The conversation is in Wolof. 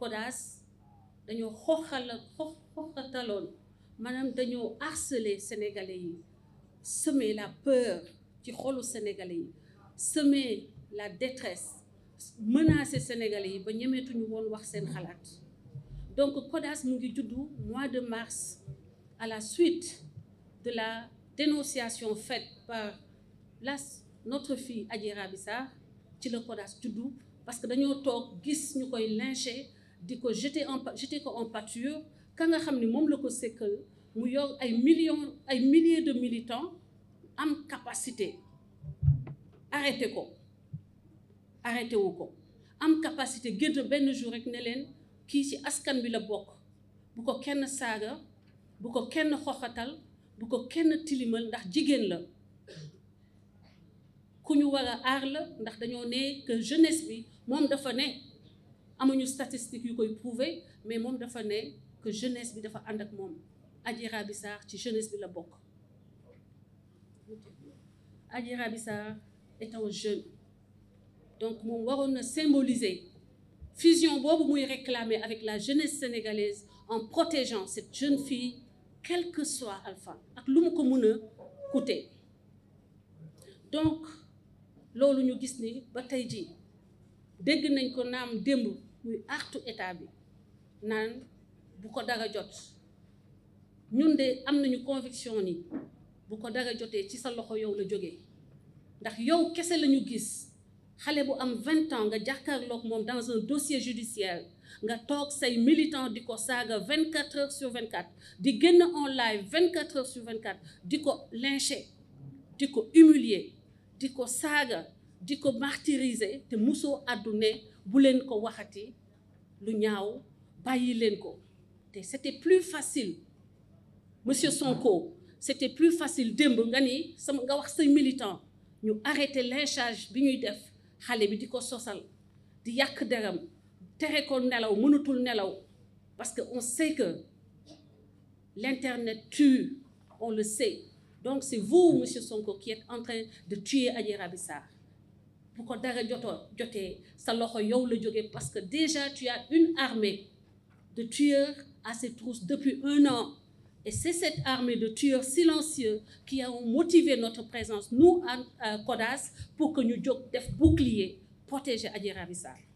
CODAS dañoo xooxal xoox xooxataloon maanaam dañoo harceler sénégalais yi semer la peur ci xolu sénégalais yi semer la détresse menacer sénégalais yi ba ñemeetuñu woon wax seen xalaat donc CODAS mu ngi juddu mois de mars à la suite de la dénonciation faite par la notre fille Adji Raby ci la CODAS juddu parce que dañoo toog gis ñu koy lyncher di ko jeter en jeter ko en pâture ka nga xam ni moom la ko sekkal mu yor ay million ay millier de militants am capacité arrêté ko arrêté wu ko am capacité génn benn jour rek ne leen kii ci askan bi la bokk bu ko kenn saaga bu ko kenn xoxatal bu ko kenn tilimal ndax jigéen la ku ñu war a aar la ndax dañoo ne que jeunesse bi moom dafa ne amuñu statistique yu koy prouver mais moom dafa ne que jeunesse bi dafa ànd ak moom Adji Raby Sarr ci jeunesse bi la bokk Adji Raby Sarr étant jeune donc moom waroon na symboliser fusion boobu muy réclamer avec la jeunesse sénégalaise en protégeant cette jeune fille quel que soit Alpha ak lu mu ko mën a coûter donc loolu ñu gis ni ba tey jii dégg nañ ko naam démb muy artu état bi naan bu ko dara jot ñun de am nañu conviction ni bu ko dara jotee ci sa loxo yow la jóge ndax yow kese lañu gis xale bu am vingt ans nga jàkkaarloog moom dans un dossier judiciaire nga toog say militant di ko saaga vingt quatre heures sur vingt quatre di génn en live vingt quatre heures sur vingt quatre di ko lyncher di ko humilier di ko saaga di ko martyriser te mosoo àddu bu leen ko waxati lu ñaaw bàyyi leen ko te c'était plus facile monsieur Sonko c'était plus facile démb nga ni sama nga wax say militant ñu arrêté lynchage bi ñuy def xale bi di ko sosal di yàq deram tere ko nelaw mënatul nelaw parce que on sait que l'internet tue on le sait donc c'est vous monsieur Sonko qui êtes en train de tuer Adji Raby Sarr bu ko dara jotoo jotee sa loxo yow la jógee parce que déjà tu as une armée de tueurs à ses trousses depuis un an et c'est cette armée de tueurs silencieux qui a motivé notre présence nous en euh, CODAS pour que ñu jog def bouclier protéger Adji Raby Sarr